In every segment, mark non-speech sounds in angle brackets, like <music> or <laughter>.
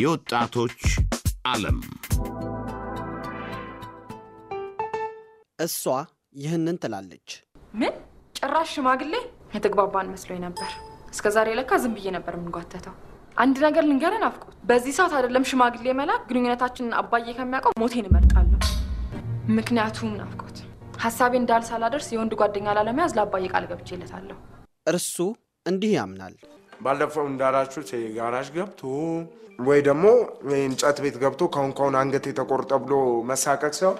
የወጣቶች ዓለም እሷ ይህንን ትላለች። ምን ጭራሽ ሽማግሌ የተግባባን መስሎኝ ነበር። እስከ ዛሬ ለካ ዝም ብዬ ነበር የምንጓተተው። አንድ ነገር ልንገረን ናፍቆት፣ በዚህ ሰዓት አይደለም ሽማግሌ መላክ። ግንኙነታችንን አባዬ ከሚያውቀው ሞቴን እመርጣለሁ። ምክንያቱም ናፍቆት ሀሳቤ እንዳልሳላደርስ የወንድ ጓደኛ ላለመያዝ ለአባዬ ቃል ገብቼለታለሁ። እርሱ እንዲህ ያምናል። ባለፈው እንዳላችሁት ጋራጅ ገብቶ ወይ ደግሞ እንጨት ቤት ገብቶ ከሁን ከሁን አንገት የተቆርጠ ብሎ መሳቀቅ ሰው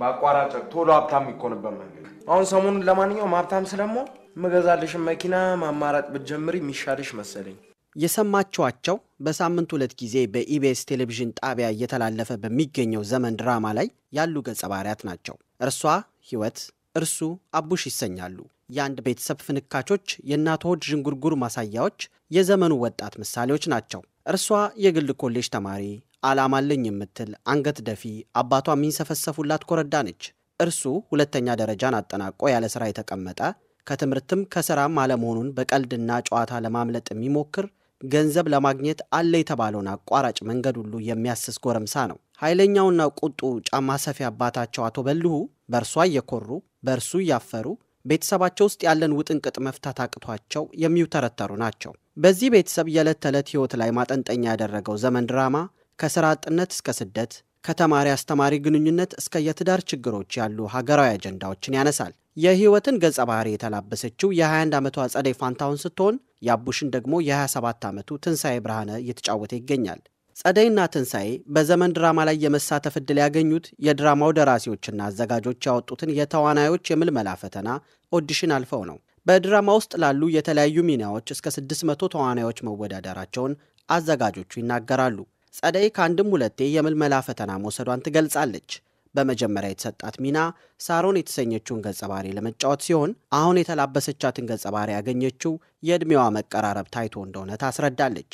በአቋራጭ ቶሎ ሀብታም ይኮንበት መንገድ አሁን ሰሞኑን ለማንኛውም ሀብታም ስለሞ መገዛልሽን መኪና ማማራጥ ብትጀምሪ የሚሻልሽ መሰለኝ። የሰማችኋቸው በሳምንት ሁለት ጊዜ በኢቢኤስ ቴሌቪዥን ጣቢያ እየተላለፈ በሚገኘው ዘመን ድራማ ላይ ያሉ ገጸ ባህሪያት ናቸው። እርሷ ህይወት፣ እርሱ አቡሽ ይሰኛሉ። የአንድ ቤተሰብ ፍንካቾች፣ የእናት ሆድ ዥንጉርጉር ማሳያዎች የዘመኑ ወጣት ምሳሌዎች ናቸው። እርሷ የግል ኮሌጅ ተማሪ አላማለኝ የምትል አንገት ደፊ፣ አባቷ የሚንሰፈሰፉላት ኮረዳ ነች። እርሱ ሁለተኛ ደረጃን አጠናቆ ያለ ስራ የተቀመጠ ከትምህርትም ከስራም አለመሆኑን በቀልድና ጨዋታ ለማምለጥ የሚሞክር ገንዘብ ለማግኘት አለ የተባለውን አቋራጭ መንገድ ሁሉ የሚያስስ ጎረምሳ ነው። ኃይለኛውና ቁጡ ጫማ ሰፊ አባታቸው አቶ በልሁ በእርሷ እየኮሩ በእርሱ እያፈሩ ቤተሰባቸው ውስጥ ያለን ውጥንቅጥ መፍታት አቅቷቸው የሚውተረተሩ ናቸው። በዚህ ቤተሰብ የዕለት ተዕለት ሕይወት ላይ ማጠንጠኛ ያደረገው ዘመን ድራማ ከሥራ አጥነት እስከ ስደት ከተማሪ አስተማሪ ግንኙነት እስከ የትዳር ችግሮች ያሉ ሀገራዊ አጀንዳዎችን ያነሳል። የህይወትን ገጸ ባህሪ የተላበሰችው የ21 ዓመቷ ጸደይ ፋንታውን ስትሆን የአቡሽን ደግሞ የ27 ዓመቱ ትንሣኤ ብርሃነ እየተጫወተ ይገኛል። ጸደይና ትንሣኤ በዘመን ድራማ ላይ የመሳተፍ ዕድል ያገኙት የድራማው ደራሲዎችና አዘጋጆች ያወጡትን የተዋናዮች የምልመላ ፈተና ኦዲሽን አልፈው ነው። በድራማ ውስጥ ላሉ የተለያዩ ሚናዎች እስከ 600 ተዋናዮች መወዳደራቸውን አዘጋጆቹ ይናገራሉ። ጸደይ ከአንድም ሁለቴ የምልመላ ፈተና መውሰዷን ትገልጻለች። በመጀመሪያ የተሰጣት ሚና ሳሮን የተሰኘችውን ገጸ ባህሪ ለመጫወት ሲሆን አሁን የተላበሰቻትን ገጸ ባህሪ ያገኘችው የዕድሜዋ መቀራረብ ታይቶ እንደሆነ ታስረዳለች።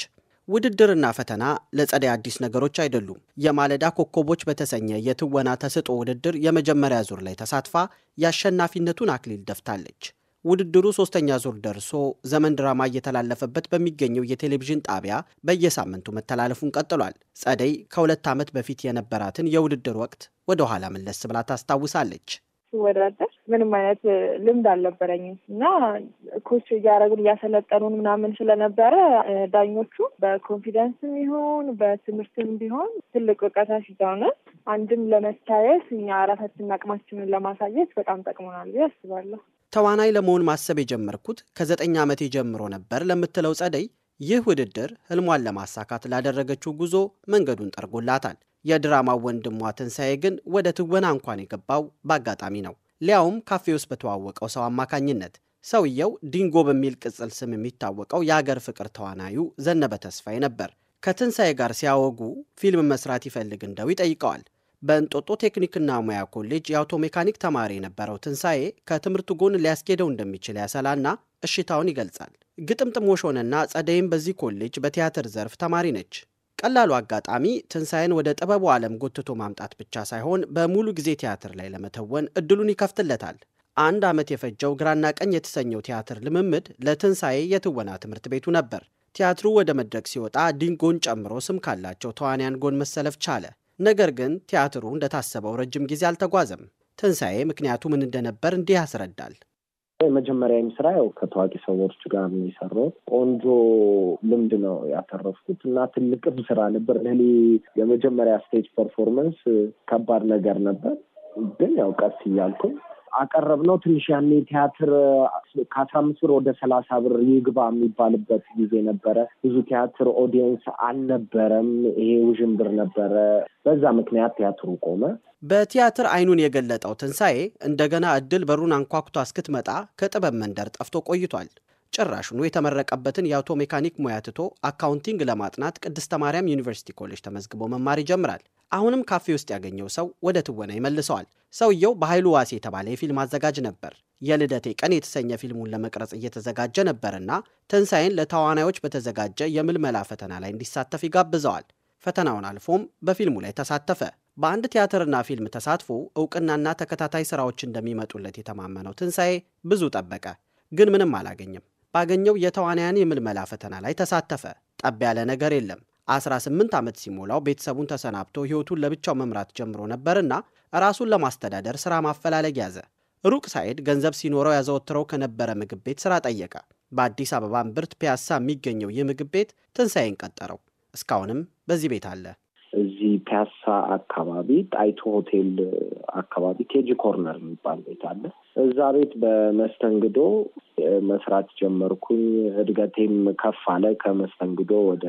ውድድርና ፈተና ለጸደይ አዲስ ነገሮች አይደሉም። የማለዳ ኮከቦች በተሰኘ የትወና ተሰጥኦ ውድድር የመጀመሪያ ዙር ላይ ተሳትፋ የአሸናፊነቱን አክሊል ደፍታለች። ውድድሩ ሶስተኛ ዙር ደርሶ ዘመን ድራማ እየተላለፈበት በሚገኘው የቴሌቪዥን ጣቢያ በየሳምንቱ መተላለፉን ቀጥሏል። ጸደይ ከሁለት ዓመት በፊት የነበራትን የውድድር ወቅት ወደ ኋላ መለስ ብላ ታስታውሳለች። ስወዳደር ምንም አይነት ልምድ አልነበረኝም እና ኮች እያደረጉን እያሰለጠኑን ምናምን ስለነበረ ዳኞቹ በኮንፊደንስም ይሁን በትምህርትም ቢሆን ትልቅ እውቀት ሲዛውነ አንድም ለመታየት እኛ ራሳችንን አቅማችንን ለማሳየት በጣም ጠቅሞናል ብዬ አስባለሁ። ተዋናይ ለመሆን ማሰብ የጀመርኩት ከዘጠኝ ዓመቴ ጀምሮ ነበር ለምትለው ጸደይ ይህ ውድድር ህልሟን ለማሳካት ላደረገችው ጉዞ መንገዱን ጠርጎላታል። የድራማው ወንድሟ ትንሣኤ ግን ወደ ትወና እንኳን የገባው በአጋጣሚ ነው። ሊያውም ካፌ ውስጥ በተዋወቀው ሰው አማካኝነት። ሰውየው ዲንጎ በሚል ቅጽል ስም የሚታወቀው የአገር ፍቅር ተዋናዩ ዘነበ ተስፋዬ ነበር። ከትንሣኤ ጋር ሲያወጉ ፊልም መስራት ይፈልግ እንደው ይጠይቀዋል። በእንጦጦ ቴክኒክና ሙያ ኮሌጅ የአውቶ ሜካኒክ ተማሪ የነበረው ትንሣኤ ከትምህርቱ ጎን ሊያስኬደው እንደሚችል ያሰላና እሽታውን ይገልጻል። ግጥምጥሞሽ ሆነና ጸደይም በዚህ ኮሌጅ በቲያትር ዘርፍ ተማሪ ነች። ቀላሉ አጋጣሚ ትንሣኤን ወደ ጥበቡ ዓለም ጎትቶ ማምጣት ብቻ ሳይሆን በሙሉ ጊዜ ቲያትር ላይ ለመተወን እድሉን ይከፍትለታል። አንድ ዓመት የፈጀው ግራና ቀኝ የተሰኘው ቲያትር ልምምድ ለትንሣኤ የትወና ትምህርት ቤቱ ነበር። ቲያትሩ ወደ መድረክ ሲወጣ ዲንጎን ጨምሮ ስም ካላቸው ተዋንያን ጎን መሰለፍ ቻለ። ነገር ግን ቲያትሩ እንደታሰበው ረጅም ጊዜ አልተጓዘም። ትንሣኤ ምክንያቱ ምን እንደነበር እንዲህ ያስረዳል። የመጀመሪያም ስራ ያው ከታዋቂ ሰዎች ጋር ነው የሰራሁት። ቆንጆ ልምድ ነው ያተረፍኩት እና ትልቅም ስራ ነበር። ለኔ የመጀመሪያ ስቴጅ ፐርፎርመንስ ከባድ ነገር ነበር፣ ግን ያው ቀስ እያልኩም ነው ትንሽ ያኔ ቲያትር ከአስራ አምስት ብር ወደ ሰላሳ ብር ይግባ የሚባልበት ጊዜ ነበረ። ብዙ ቲያትር ኦዲየንስ አልነበረም። ይሄ ውዥንብር ነበረ። በዛ ምክንያት ቲያትሩ ቆመ። በቲያትር አይኑን የገለጠው ትንሣኤ እንደገና እድል በሩን አንኳኩቶ እስክትመጣ ከጥበብ መንደር ጠፍቶ ቆይቷል። ጭራሹኑ የተመረቀበትን የአውቶ ሜካኒክ ሙያ ትቶ አካውንቲንግ ለማጥናት ቅድስተ ማርያም ዩኒቨርሲቲ ኮሌጅ ተመዝግቦ መማር ይጀምራል። አሁንም ካፌ ውስጥ ያገኘው ሰው ወደ ትወና ይመልሰዋል። ሰውየው በኃይሉ ዋሴ የተባለ የፊልም አዘጋጅ ነበር። የልደቴ ቀን የተሰኘ ፊልሙን ለመቅረጽ እየተዘጋጀ ነበርና ትንሣኤን ለተዋናዮች በተዘጋጀ የምልመላ ፈተና ላይ እንዲሳተፍ ይጋብዘዋል። ፈተናውን አልፎም በፊልሙ ላይ ተሳተፈ። በአንድ ቲያትርና ፊልም ተሳትፎ እውቅናና ተከታታይ ስራዎች እንደሚመጡለት የተማመነው ትንሣኤ ብዙ ጠበቀ፣ ግን ምንም አላገኝም። ባገኘው የተዋንያን የምልመላ ፈተና ላይ ተሳተፈ። ጠብ ያለ ነገር የለም። 18 ዓመት ሲሞላው ቤተሰቡን ተሰናብቶ ሕይወቱን ለብቻው መምራት ጀምሮ ነበርና ራሱን ለማስተዳደር ሥራ ማፈላለግ ያዘ። ሩቅ ሳይድ ገንዘብ ሲኖረው ያዘወትረው ከነበረ ምግብ ቤት ሥራ ጠየቀ። በአዲስ አበባ እምብርት ፒያሳ የሚገኘው ይህ ምግብ ቤት ትንሣኤን ቀጠረው። እስካሁንም በዚህ ቤት አለ። ፒያሳ አካባቢ ጣይቱ ሆቴል አካባቢ ኬጂ ኮርነር የሚባል ቤት አለ። እዛ ቤት በመስተንግዶ መስራት ጀመርኩኝ። እድገቴም ከፍ አለ። ከመስተንግዶ ወደ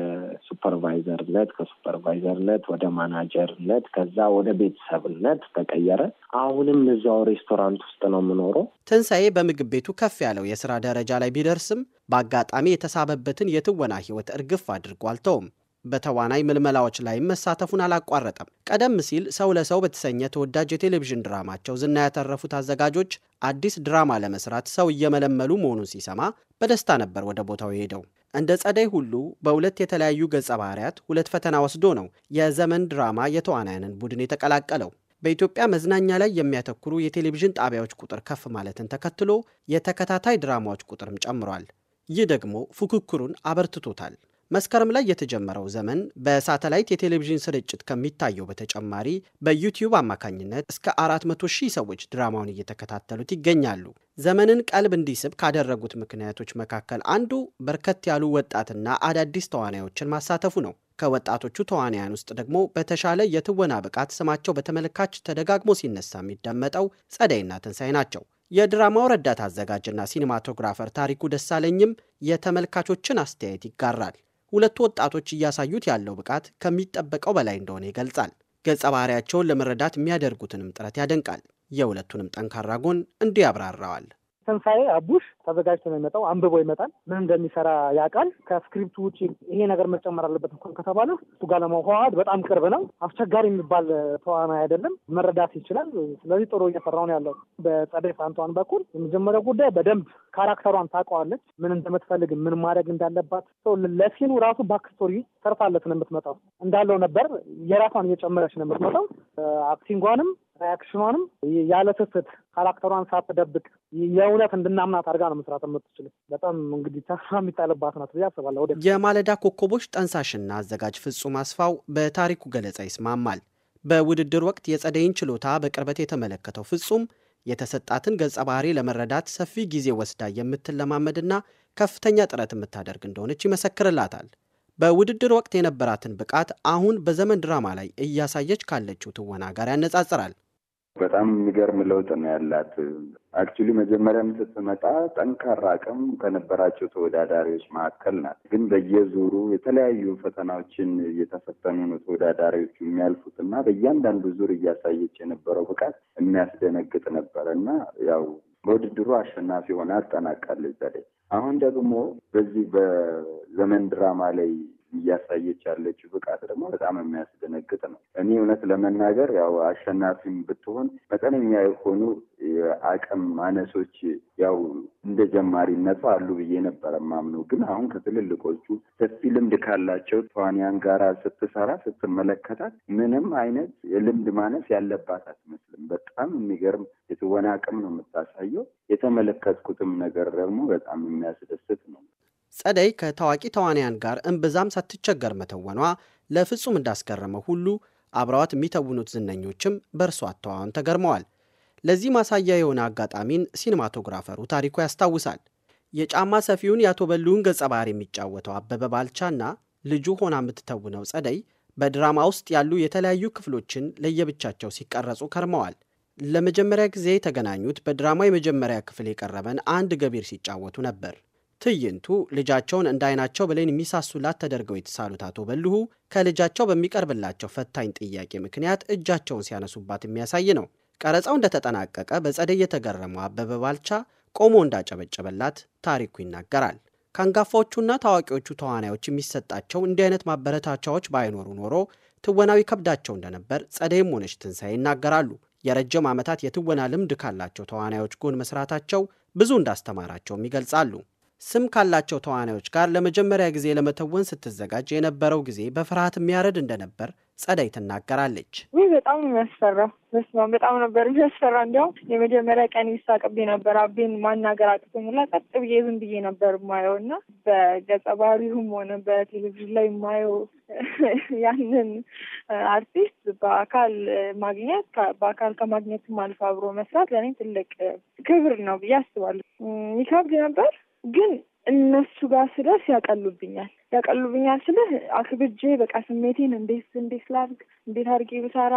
ሱፐርቫይዘርነት፣ ከሱፐርቫይዘርነት ወደ ማናጀርነት፣ ከዛ ወደ ቤተሰብነት ተቀየረ። አሁንም እዛው ሬስቶራንት ውስጥ ነው የምኖረው። ትንሣኤ በምግብ ቤቱ ከፍ ያለው የስራ ደረጃ ላይ ቢደርስም በአጋጣሚ የተሳበበትን የትወና ህይወት እርግፍ አድርጎ አልተውም። በተዋናይ ምልመላዎች ላይም መሳተፉን አላቋረጠም። ቀደም ሲል ሰው ለሰው በተሰኘ ተወዳጅ የቴሌቪዥን ድራማቸው ዝና ያተረፉት አዘጋጆች አዲስ ድራማ ለመስራት ሰው እየመለመሉ መሆኑን ሲሰማ በደስታ ነበር ወደ ቦታው የሄደው። እንደ ጸደይ ሁሉ በሁለት የተለያዩ ገጸ ባህርያት ሁለት ፈተና ወስዶ ነው የዘመን ድራማ የተዋናያንን ቡድን የተቀላቀለው። በኢትዮጵያ መዝናኛ ላይ የሚያተኩሩ የቴሌቪዥን ጣቢያዎች ቁጥር ከፍ ማለትን ተከትሎ የተከታታይ ድራማዎች ቁጥርም ጨምሯል። ይህ ደግሞ ፉክክሩን አበርትቶታል። መስከረም ላይ የተጀመረው ዘመን በሳተላይት የቴሌቪዥን ስርጭት ከሚታየው በተጨማሪ በዩቲዩብ አማካኝነት እስከ 400 ሺህ ሰዎች ድራማውን እየተከታተሉት ይገኛሉ። ዘመንን ቀልብ እንዲስብ ካደረጉት ምክንያቶች መካከል አንዱ በርከት ያሉ ወጣትና አዳዲስ ተዋናዮችን ማሳተፉ ነው። ከወጣቶቹ ተዋንያን ውስጥ ደግሞ በተሻለ የትወና ብቃት ስማቸው በተመልካች ተደጋግሞ ሲነሳ የሚደመጠው ጸደይና ትንሣኤ ናቸው። የድራማው ረዳት አዘጋጅና ሲኒማቶግራፈር ታሪኩ ደሳለኝም የተመልካቾችን አስተያየት ይጋራል። ሁለቱ ወጣቶች እያሳዩት ያለው ብቃት ከሚጠበቀው በላይ እንደሆነ ይገልጻል። ገጸ ባህሪያቸውን ለመረዳት የሚያደርጉትንም ጥረት ያደንቃል። የሁለቱንም ጠንካራ ጎን እንዲህ ያብራራዋል። ትንሣኤ አቡሽ ተዘጋጅቶ ነው የሚመጣው። አንብቦ ይመጣል። ምን እንደሚሰራ ያውቃል። ከስክሪፕቱ ውጭ ይሄ ነገር መጨመር አለበት እንኳን ከተባለ እሱ ጋር ለመዋሃድ በጣም ቅርብ ነው። አስቸጋሪ የሚባል ተዋና አይደለም። መረዳት ይችላል። ስለዚህ ጥሩ እየሰራው ነው ያለው። በጸደይ ፋንታሁን በኩል የመጀመሪያው ጉዳይ በደንብ ካራክተሯን ታውቀዋለች። ምን እንደምትፈልግ፣ ምን ማድረግ እንዳለባት ለሲኑ ራሱ ባክስቶሪ ሰርታለት ነው የምትመጣው። እንዳለው ነበር የራሷን እየጨመረች ነው የምትመጣው አክቲንጓንም ሪያክሽኗንም ያለ ስስት ካራክተሯን ሳትደብቅ የእውነት እንድናምናት አድርጋ ነው መስራት የምትችል። በጣም እንግዲህ ተስፋ የሚጣልባት ናት ብዬ አስባለሁ። ወደ የማለዳ ኮከቦች ጠንሳሽና አዘጋጅ ፍጹም አስፋው በታሪኩ ገለጻ ይስማማል። በውድድር ወቅት የጸደይን ችሎታ በቅርበት የተመለከተው ፍጹም የተሰጣትን ገጸ ባህሪ ለመረዳት ሰፊ ጊዜ ወስዳ የምትለማመድና ከፍተኛ ጥረት የምታደርግ እንደሆነች ይመሰክርላታል። በውድድር ወቅት የነበራትን ብቃት አሁን በዘመን ድራማ ላይ እያሳየች ካለችው ትወና ጋር ያነጻጽራል። በጣም የሚገርም ለውጥ ነው ያላት። አክቹሊ መጀመሪያም ስትመጣ ጠንካራ አቅም ከነበራቸው ተወዳዳሪዎች መካከል ናት። ግን በየዙሩ የተለያዩ ፈተናዎችን እየተፈተኑ ነው ተወዳዳሪዎቹ የሚያልፉት እና በእያንዳንዱ ዙር እያሳየች የነበረው ብቃት የሚያስደነግጥ ነበር እና ያው በውድድሩ አሸናፊ ሆነ አጠናቃለች። ዘዴ አሁን ደግሞ በዚህ በዘመን ድራማ ላይ እያሳየች ያለችው ብቃት ደግሞ በጣም የሚያስደነግጥ ነው። እኔ እውነት ለመናገር ያው አሸናፊም ብትሆን መጠነኛ የሆኑ የአቅም ማነሶች ያው እንደ ጀማሪነቱ አሉ ብዬ ነበረ ማምነው። ግን አሁን ከትልልቆቹ ሰፊ ልምድ ካላቸው ተዋንያን ጋር ስትሰራ ስትመለከታት ምንም አይነት የልምድ ማነስ ያለባት አትመስልም። በጣም የሚገርም የትወና አቅም ነው የምታሳየው። የተመለከትኩትም ነገር ደግሞ በጣም የሚያስደስት ነው። ጸደይ ከታዋቂ ተዋንያን ጋር እምብዛም ሳትቸገር መተወኗ ለፍጹም እንዳስገረመው ሁሉ አብረዋት የሚተውኑት ዝነኞችም በእርሷ አተዋወን ተገርመዋል። ለዚህ ማሳያ የሆነ አጋጣሚን ሲኒማቶግራፈሩ ታሪኩ ያስታውሳል። የጫማ ሰፊውን የአቶ በልውን ገጸ ባህሪ የሚጫወተው አበበ ባልቻና ልጁ ሆና የምትተውነው ጸደይ በድራማ ውስጥ ያሉ የተለያዩ ክፍሎችን ለየብቻቸው ሲቀረጹ ከርመዋል። ለመጀመሪያ ጊዜ የተገናኙት በድራማ የመጀመሪያ ክፍል የቀረበን አንድ ገቢር ሲጫወቱ ነበር። ትዕይንቱ ልጃቸውን እንደ አይናቸው ብሌን የሚሳሱላት ተደርገው የተሳሉት አቶ በልሁ ከልጃቸው በሚቀርብላቸው ፈታኝ ጥያቄ ምክንያት እጃቸውን ሲያነሱባት የሚያሳይ ነው። ቀረጻው እንደተጠናቀቀ በጸደይ የተገረመው አበበ ባልቻ ቆሞ እንዳጨበጨበላት ታሪኩ ይናገራል። ከአንጋፋዎቹና ታዋቂዎቹ ተዋናዮች የሚሰጣቸው እንዲህ አይነት ማበረታቻዎች ባይኖሩ ኖሮ ትወናዊ ከብዳቸው እንደነበር ጸደይም ሆነች ትንሣኤ ይናገራሉ። የረጅም ዓመታት የትወና ልምድ ካላቸው ተዋናዮች ጎን መስራታቸው ብዙ እንዳስተማራቸውም ይገልጻሉ። ስም ካላቸው ተዋናዮች ጋር ለመጀመሪያ ጊዜ ለመተወን ስትዘጋጅ የነበረው ጊዜ በፍርሃት የሚያረድ እንደነበር ጸዳይ ትናገራለች። ይህ በጣም የሚያስፈራ መስማ በጣም ነበር የሚያስፈራ። እንዲያውም የመጀመሪያ ቀን ይሳቅቤ ነበር። አቤን ማናገር አቅቶኝ ሁላ ቀጥ ብዬ ዝም ብዬ ነበር ማየው እና በገጸ ባህሪሁም ሆነ በቴሌቪዥን ላይ የማየው <laughs> ያንን አርቲስት በአካል ማግኘት በአካል ከማግኘትም አልፎ አብሮ መስራት ለእኔ ትልቅ ክብር ነው ብዬ አስባለሁ። ይከብድ ነበር ግን እነሱ ጋር ስደርስ ያቀሉብኛል ያቀሉብኛል ስልህ አክብጄ በቃ ስሜቴን እንዴት እንዴት ላድርግ እንዴት አድርጌ ብሰራ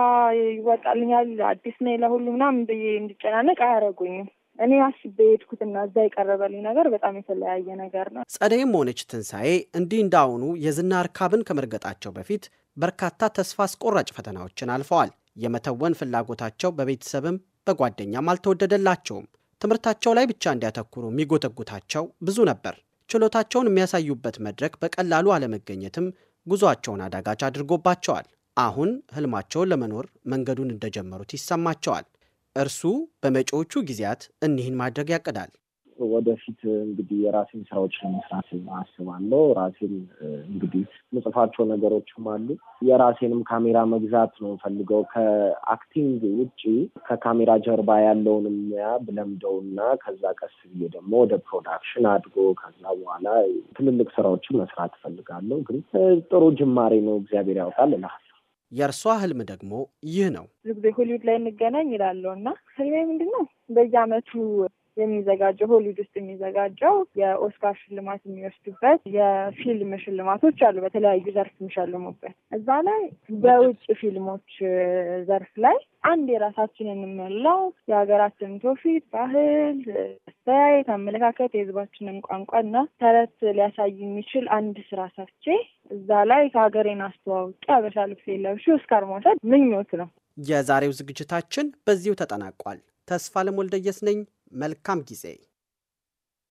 ይዋጣልኛል አዲስ ነው ለሁሉ ምናምን ብዬ እንዲጨናነቅ አያረጉኝም እኔ አስቤ የሄድኩትና እዛ የቀረበልኝ ነገር በጣም የተለያየ ነገር ነው። ጸደይም ሆነች ትንሣኤ እንዲህ እንዳሁኑ የዝና እርካብን ከመርገጣቸው በፊት በርካታ ተስፋ አስቆራጭ ፈተናዎችን አልፈዋል። የመተወን ፍላጎታቸው በቤተሰብም በጓደኛም አልተወደደላቸውም። ትምህርታቸው ላይ ብቻ እንዲያተኩሩ የሚጎተጉታቸው ብዙ ነበር። ችሎታቸውን የሚያሳዩበት መድረክ በቀላሉ አለመገኘትም ጉዞአቸውን አዳጋች አድርጎባቸዋል። አሁን ህልማቸውን ለመኖር መንገዱን እንደጀመሩት ይሰማቸዋል። እርሱ በመጪዎቹ ጊዜያት እኒህን ማድረግ ያቅዳል። ወደፊት እንግዲህ የራሴን ስራዎች ለመስራት አስባለሁ። ራሴን እንግዲህ ምጽፋቸው ነገሮችም አሉ። የራሴንም ካሜራ መግዛት ነው ፈልገው ከአክቲንግ ውጭ ከካሜራ ጀርባ ያለውንም ሙያ ብለምደው እና ከዛ ቀስ ብዬ ደግሞ ወደ ፕሮዳክሽን አድጎ ከዛ በኋላ ትልልቅ ስራዎችን መስራት እፈልጋለሁ። ግን ጥሩ ጅማሬ ነው። እግዚአብሔር ያውቃል እልሃል። የእርሷ ህልም ደግሞ ይህ ነው። ብዙ ጊዜ ሆሊውድ ላይ እንገናኝ ይላለው እና ህልሜ ምንድን ነው በየአመቱ የሚዘጋጀው ሆሊውድ ውስጥ የሚዘጋጀው የኦስካር ሽልማት የሚወስዱበት የፊልም ሽልማቶች አሉ። በተለያዩ ዘርፍ የሚሸልሙበት እዛ ላይ በውጭ ፊልሞች ዘርፍ ላይ አንድ የራሳችን የምንለው የሀገራችንን ትውፊት፣ ባህል፣ አስተያየት፣ አመለካከት የህዝባችንን ቋንቋና ተረት ሊያሳይ የሚችል አንድ ስራ ሰርቼ እዛ ላይ ከሀገሬን አስተዋውቄ አበሻ ልብስ የለብሽ ኦስካር መውሰድ ምኞት ነው። የዛሬው ዝግጅታችን በዚሁ ተጠናቋል። ተስፋ ለሞልደየስ ነኝ። መልካም ጊዜ